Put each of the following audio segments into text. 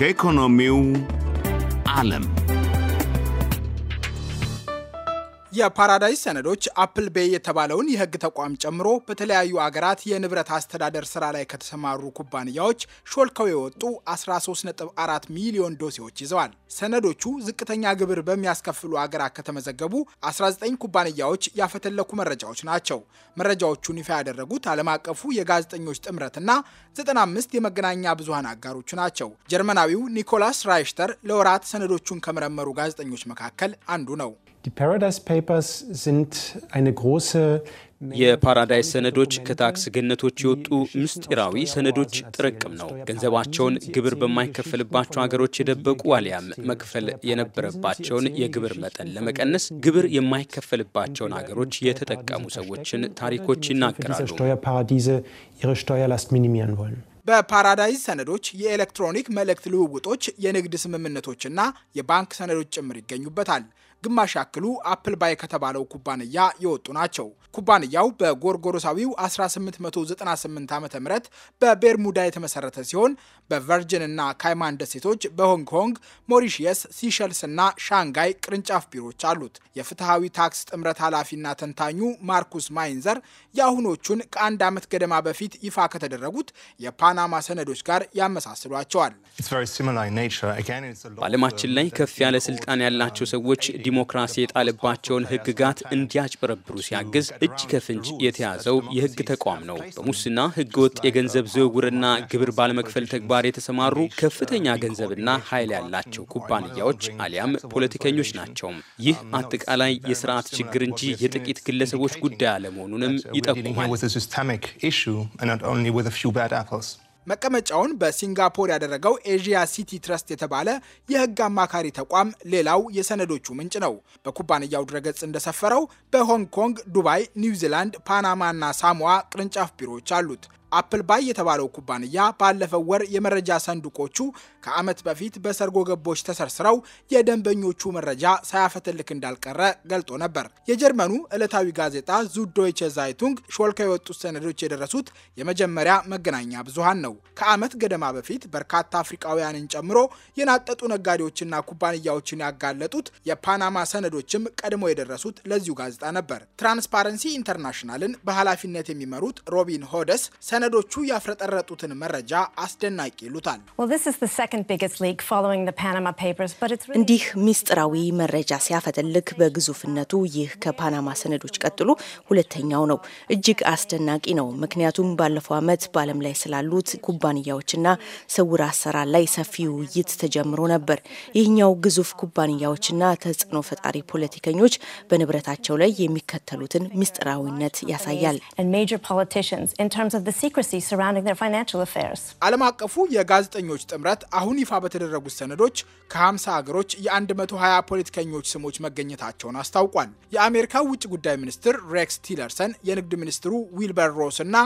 ከኢኮኖሚው ዓለም የፓራዳይስ ሰነዶች አፕል ቤይ የተባለውን የህግ ተቋም ጨምሮ በተለያዩ አገራት የንብረት አስተዳደር ስራ ላይ ከተሰማሩ ኩባንያዎች ሾልከው የወጡ 13.4 ሚሊዮን ዶሴዎች ይዘዋል። ሰነዶቹ ዝቅተኛ ግብር በሚያስከፍሉ አገራት ከተመዘገቡ 19 ኩባንያዎች ያፈተለኩ መረጃዎች ናቸው። መረጃዎቹን ይፋ ያደረጉት ዓለም አቀፉ የጋዜጠኞች ጥምረትና 95 የመገናኛ ብዙሃን አጋሮቹ ናቸው። ጀርመናዊው ኒኮላስ ራይሽተር ለወራት ሰነዶቹን ከመረመሩ ጋዜጠኞች መካከል አንዱ ነው። Die Paradise Papers sind eine große የፓራዳይስ ሰነዶች ከታክስ ገነቶች የወጡ ምስጢራዊ ሰነዶች ጥርቅም ነው። ገንዘባቸውን ግብር በማይከፈልባቸው ሀገሮች የደበቁ አሊያም መክፈል የነበረባቸውን የግብር መጠን ለመቀነስ ግብር የማይከፈልባቸውን ሀገሮች የተጠቀሙ ሰዎችን ታሪኮች ይናገራሉ። በፓራዳይዝ ሰነዶች የኤሌክትሮኒክ መልእክት ልውውጦች፣ የንግድ ስምምነቶችና የባንክ ሰነዶች ጭምር ይገኙበታል። ግማሽ ያክሉ አፕል ባይ ከተባለው ኩባንያ የወጡ ናቸው። ኩባንያው በጎርጎሮሳዊው 1898 ዓ ም በቤርሙዳ የተመሰረተ ሲሆን በቨርጅን እና ካይማን ደሴቶች፣ በሆንግ ኮንግ፣ ሞሪሺየስ፣ ሲሸልስ እና ሻንጋይ ቅርንጫፍ ቢሮዎች አሉት። የፍትሐዊ ታክስ ጥምረት ኃላፊና ተንታኙ ማርኩስ ማይንዘር የአሁኖቹን ከአንድ ዓመት ገደማ በፊት ይፋ ከተደረጉት የፓናማ ሰነዶች ጋር ያመሳስሏቸዋል። በዓለማችን ላይ ከፍ ያለ ስልጣን ያላቸው ሰዎች ዲሞክራሲ የጣለባቸውን ህግጋት እንዲያጭበረብሩ ሲያግዝ እጅ ከፍንጅ የተያዘው የህግ ተቋም ነው። በሙስና ወጥ የገንዘብ ዝውውርና ግብር ባለመክፈል ተግባር የተሰማሩ ከፍተኛ ገንዘብና ኃይል ያላቸው ኩባንያዎች አሊያም ፖለቲከኞች ናቸው። ይህ አጠቃላይ የስርዓት ችግር እንጂ የጥቂት ግለሰቦች ጉዳይ አለመሆኑንም ይጠቁማል። መቀመጫውን በሲንጋፖር ያደረገው ኤዥያ ሲቲ ትረስት የተባለ የህግ አማካሪ ተቋም ሌላው የሰነዶቹ ምንጭ ነው። በኩባንያው ድረገጽ እንደሰፈረው በሆንግ ኮንግ፣ ዱባይ፣ ኒውዚላንድ፣ ፓናማ እና ሳሞዋ ቅርንጫፍ ቢሮዎች አሉት። አፕል ባይ የተባለው ኩባንያ ባለፈው ወር የመረጃ ሰንዱቆቹ ከዓመት በፊት በሰርጎ ገቦች ተሰርስረው የደንበኞቹ መረጃ ሳያፈትልክ እንዳልቀረ ገልጦ ነበር። የጀርመኑ ዕለታዊ ጋዜጣ ዙዶይቸ ዛይቱንግ ሾልከው የወጡት ሰነዶች የደረሱት የመጀመሪያ መገናኛ ብዙሃን ነው። ከዓመት ገደማ በፊት በርካታ አፍሪቃውያንን ጨምሮ የናጠጡ ነጋዴዎችና ኩባንያዎችን ያጋለጡት የፓናማ ሰነዶችም ቀድሞ የደረሱት ለዚሁ ጋዜጣ ነበር። ትራንስፓረንሲ ኢንተርናሽናልን በኃላፊነት የሚመሩት ሮቢን ሆደስ ሰነዶቹ ያፍረጠረጡትን መረጃ አስደናቂ ይሉታል። እንዲህ ሚስጥራዊ መረጃ ሲያፈተልክ በግዙፍነቱ ይህ ከፓናማ ሰነዶች ቀጥሎ ሁለተኛው ነው። እጅግ አስደናቂ ነው። ምክንያቱም ባለፈው ዓመት በዓለም ላይ ስላሉት ኩባንያዎችና ስውር አሰራር ላይ ሰፊ ውይይት ተጀምሮ ነበር። ይህኛው ግዙፍ ኩባንያዎችና ተጽዕኖ ፈጣሪ ፖለቲከኞች በንብረታቸው ላይ የሚከተሉትን ሚስጥራዊነት ያሳያል። ዓለም አቀፉ የጋዜጠኞች ጥምረት አሁን ይፋ በተደረጉት ሰነዶች ከ50 አገሮች የ120 ፖለቲከኞች ስሞች መገኘታቸውን አስታውቋል። የአሜሪካ ውጭ ጉዳይ ሚኒስትር ሬክስ ቲለርሰን፣ የንግድ ሚኒስትሩ ዊልበር ሮስ እና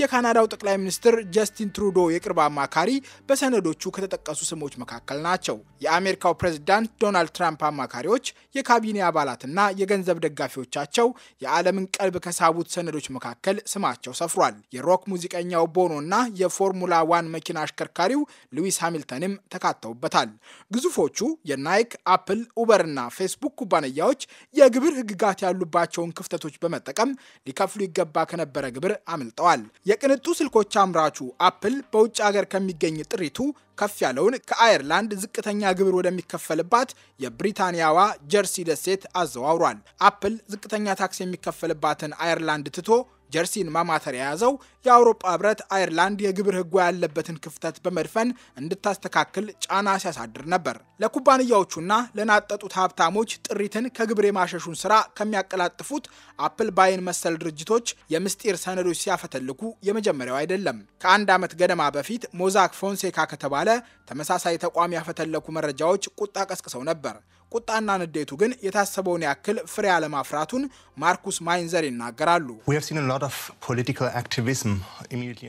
የካናዳው ጠቅላይ ሚኒስትር ጀስቲን ትሩዶ የቅርብ አማካሪ በሰነዶቹ ከተጠቀሱ ስሞች መካከል ናቸው። የአሜሪካው ፕሬዝዳንት ዶናልድ ትራምፕ አማካሪዎች፣ የካቢኔ አባላትና የገንዘብ ደጋፊዎቻቸው የዓለምን ቀልብ ከሳቡት ሰነዶች መካከል ስማቸው ሰፍሯል። የሮክ ሙዚቃ ሙዚቀኛው ቦኖና የፎርሙላ ዋን መኪና አሽከርካሪው ሉዊስ ሃሚልተንም ተካተውበታል። ግዙፎቹ የናይክ፣ አፕል፣ ኡበርና ፌስቡክ ኩባንያዎች የግብር ሕግጋት ያሉባቸውን ክፍተቶች በመጠቀም ሊከፍሉ ይገባ ከነበረ ግብር አምልጠዋል። የቅንጡ ስልኮች አምራቹ አፕል በውጭ ሀገር ከሚገኝ ጥሪቱ ከፍ ያለውን ከአየርላንድ ዝቅተኛ ግብር ወደሚከፈልባት የብሪታንያዋ ጀርሲ ደሴት አዘዋውሯል። አፕል ዝቅተኛ ታክስ የሚከፈልባትን አየርላንድ ትቶ ጀርሲን ማማተር የያዘው የአውሮፓ ህብረት አይርላንድ የግብር ህጉ ያለበትን ክፍተት በመድፈን እንድታስተካክል ጫና ሲያሳድር ነበር። ለኩባንያዎቹና ለናጠጡት ሀብታሞች ጥሪትን ከግብር የማሸሹን ስራ ከሚያቀላጥፉት አፕል ባይን መሰል ድርጅቶች የምስጢር ሰነዶች ሲያፈተልኩ የመጀመሪያው አይደለም። ከአንድ ዓመት ገደማ በፊት ሞዛክ ፎንሴካ ከተባለ ተመሳሳይ ተቋም ያፈተለኩ መረጃዎች ቁጣ ቀስቅሰው ነበር። ቁጣና ንዴቱ ግን የታሰበውን ያክል ፍሬ አለማፍራቱን ማርኩስ ማይንዘር ይናገራሉ።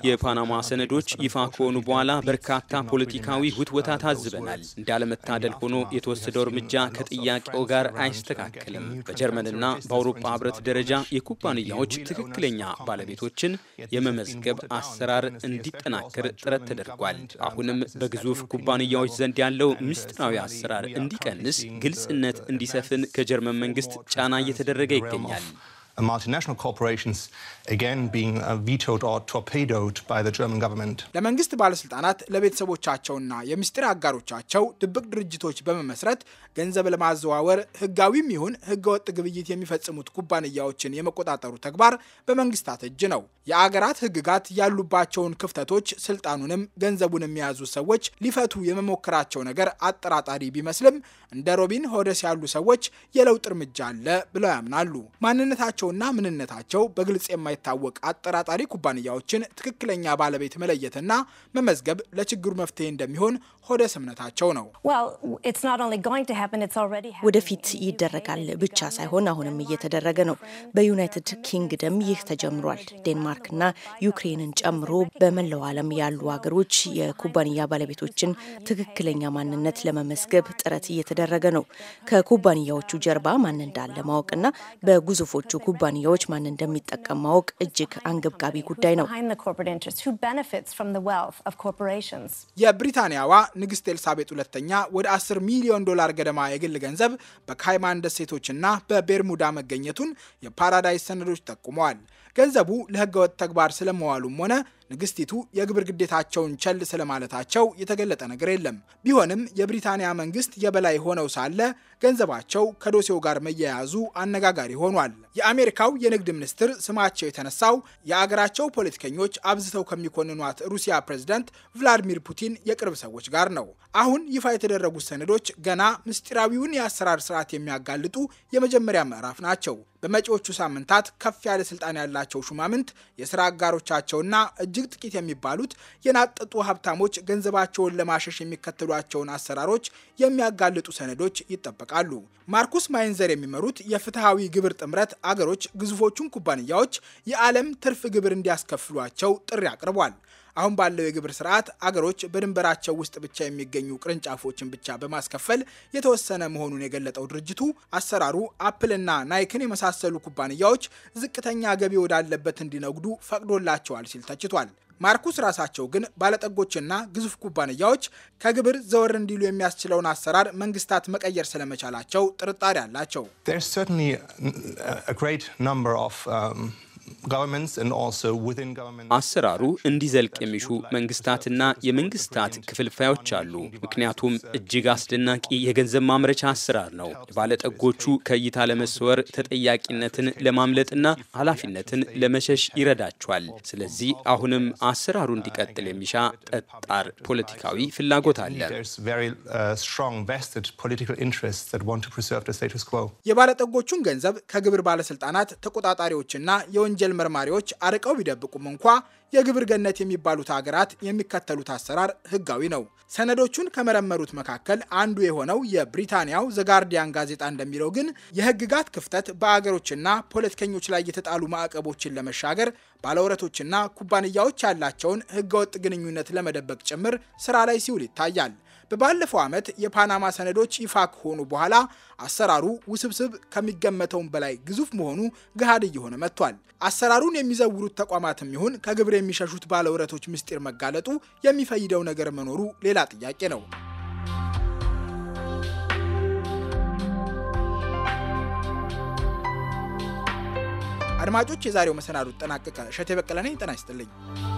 የፓናማ ሰነዶች ይፋ ከሆኑ በኋላ በርካታ ፖለቲካዊ ውትወታ ታዝበናል። እንዳለመታደል ሆኖ የተወሰደው እርምጃ ከጥያቄው ጋር አይስተካከልም። በጀርመንና በአውሮፓ ህብረት ደረጃ የኩባንያዎች ትክክለኛ ባለቤቶችን የመመዝገብ አሰራር እንዲጠናከር ጥረት ተደርጓል። አሁንም በግዙፍ ኩባንያዎች ዘንድ ያለው ምስጢራዊ አሰራር እንዲቀንስ ግልጽ ግልጽነት እንዲሰፍን ከጀርመን መንግስት ጫና እየተደረገ ይገኛል። multinational corporations again being uh, vetoed or torpedoed by the German government. ለመንግስት ባለስልጣናት ለቤተሰቦቻቸውና የምስጢር አጋሮቻቸው ድብቅ ድርጅቶች በመመስረት ገንዘብ ለማዘዋወር ህጋዊም ይሁን ህገወጥ ግብይት የሚፈጽሙት ኩባንያዎችን የመቆጣጠሩ ተግባር በመንግስታት እጅ ነው። የአገራት ህግጋት ያሉባቸውን ክፍተቶች ስልጣኑንም ገንዘቡንም የያዙ ሰዎች ሊፈቱ የመሞከራቸው ነገር አጠራጣሪ ቢመስልም እንደ ሮቢን ሆደስ ያሉ ሰዎች የለውጥ እርምጃ አለ ብለው ያምናሉ። ማንነታቸው ማንነታቸውና ምንነታቸው በግልጽ የማይታወቅ አጠራጣሪ ኩባንያዎችን ትክክለኛ ባለቤት መለየትና መመዝገብ ለችግሩ መፍትሄ እንደሚሆን ሆደ ስምነታቸው ነው። ወደፊት ይደረጋል ብቻ ሳይሆን አሁንም እየተደረገ ነው። በዩናይትድ ኪንግደም ይህ ተጀምሯል። ዴንማርክና ዩክሬንን ጨምሮ በመላው ዓለም ያሉ ሀገሮች የኩባንያ ባለቤቶችን ትክክለኛ ማንነት ለመመዝገብ ጥረት እየተደረገ ነው። ከኩባንያዎቹ ጀርባ ማን እንዳለ ማወቅና በግዙፎቹ ኩባንያዎች ማን እንደሚጠቀም ማወቅ እጅግ አንገብጋቢ ጉዳይ ነው። የብሪታንያዋ ንግሥት ኤልሳቤጥ ሁለተኛ ወደ 10 ሚሊዮን ዶላር ገደማ የግል ገንዘብ በካይማን ደሴቶችና በቤርሙዳ መገኘቱን የፓራዳይስ ሰነዶች ጠቁመዋል። ገንዘቡ ለህገወጥ ተግባር ስለመዋሉም ሆነ ንግስቲቱ የግብር ግዴታቸውን ቸል ስለማለታቸው የተገለጠ ነገር የለም። ቢሆንም የብሪታንያ መንግስት የበላይ ሆነው ሳለ ገንዘባቸው ከዶሴው ጋር መያያዙ አነጋጋሪ ሆኗል። የአሜሪካው የንግድ ሚኒስትር ስማቸው የተነሳው የአገራቸው ፖለቲከኞች አብዝተው ከሚኮንኗት ሩሲያ ፕሬዝዳንት ቭላዲሚር ፑቲን የቅርብ ሰዎች ጋር ነው። አሁን ይፋ የተደረጉት ሰነዶች ገና ምስጢራዊውን የአሰራር ስርዓት የሚያጋልጡ የመጀመሪያ ምዕራፍ ናቸው። በመጪዎቹ ሳምንታት ከፍ ያለ ስልጣን ያላቸው ሹማምንት፣ የስራ አጋሮቻቸውና እጅግ ጥቂት የሚባሉት የናጠጡ ሀብታሞች ገንዘባቸውን ለማሸሽ የሚከተሏቸውን አሰራሮች የሚያጋልጡ ሰነዶች ይጠበቃል። ይጠብቃሉ። ማርኩስ ማይንዘር የሚመሩት የፍትሐዊ ግብር ጥምረት አገሮች ግዙፎቹን ኩባንያዎች የዓለም ትርፍ ግብር እንዲያስከፍሏቸው ጥሪ አቅርቧል። አሁን ባለው የግብር ስርዓት አገሮች በድንበራቸው ውስጥ ብቻ የሚገኙ ቅርንጫፎችን ብቻ በማስከፈል የተወሰነ መሆኑን የገለጠው ድርጅቱ አሰራሩ አፕልና ናይክን የመሳሰሉ ኩባንያዎች ዝቅተኛ ገቢ ወዳለበት እንዲነግዱ ፈቅዶላቸዋል ሲል ተችቷል። ማርኩስ ራሳቸው ግን ባለጠጎችና ግዙፍ ኩባንያዎች ከግብር ዘወር እንዲሉ የሚያስችለውን አሰራር መንግስታት መቀየር ስለመቻላቸው ጥርጣሬ አላቸው። አሰራሩ እንዲዘልቅ የሚሹ መንግስታትና የመንግስታት ክፍልፋዮች አሉ። ምክንያቱም እጅግ አስደናቂ የገንዘብ ማምረቻ አሰራር ነው። የባለጠጎቹ ከእይታ ለመሰወር ተጠያቂነትን ለማምለጥና ኃላፊነትን ለመሸሽ ይረዳቸዋል። ስለዚህ አሁንም አሰራሩ እንዲቀጥል የሚሻ ጠጣር ፖለቲካዊ ፍላጎት አለ። uh, የባለጠጎቹን ገንዘብ ከግብር ባለስልጣናት ተቆጣጣሪዎችና የወን የወንጀል መርማሪዎች አርቀው ቢደብቁም እንኳ የግብር ገነት የሚባሉት ሀገራት የሚከተሉት አሰራር ህጋዊ ነው። ሰነዶቹን ከመረመሩት መካከል አንዱ የሆነው የብሪታንያው ዘጋርዲያን ጋዜጣ እንደሚለው ግን የህግጋት ክፍተት በአገሮችና ፖለቲከኞች ላይ የተጣሉ ማዕቀቦችን ለመሻገር ባለውረቶችና ኩባንያዎች ያላቸውን ህገወጥ ግንኙነት ለመደበቅ ጭምር ስራ ላይ ሲውል ይታያል። በባለፈው ዓመት የፓናማ ሰነዶች ይፋ ከሆኑ በኋላ አሰራሩ ውስብስብ ከሚገመተውም በላይ ግዙፍ መሆኑ ገሃድ እየሆነ መጥቷል። አሰራሩን የሚዘውሩት ተቋማትም ይሁን ከግብር የሚሸሹት ባለውረቶች ምስጢር መጋለጡ የሚፈይደው ነገር መኖሩ ሌላ ጥያቄ ነው። አድማጮች፣ የዛሬው መሰናዶ ተጠናቀቀ። እሸቴ በቀለ ነኝ። ጤና ይስጥልኝ።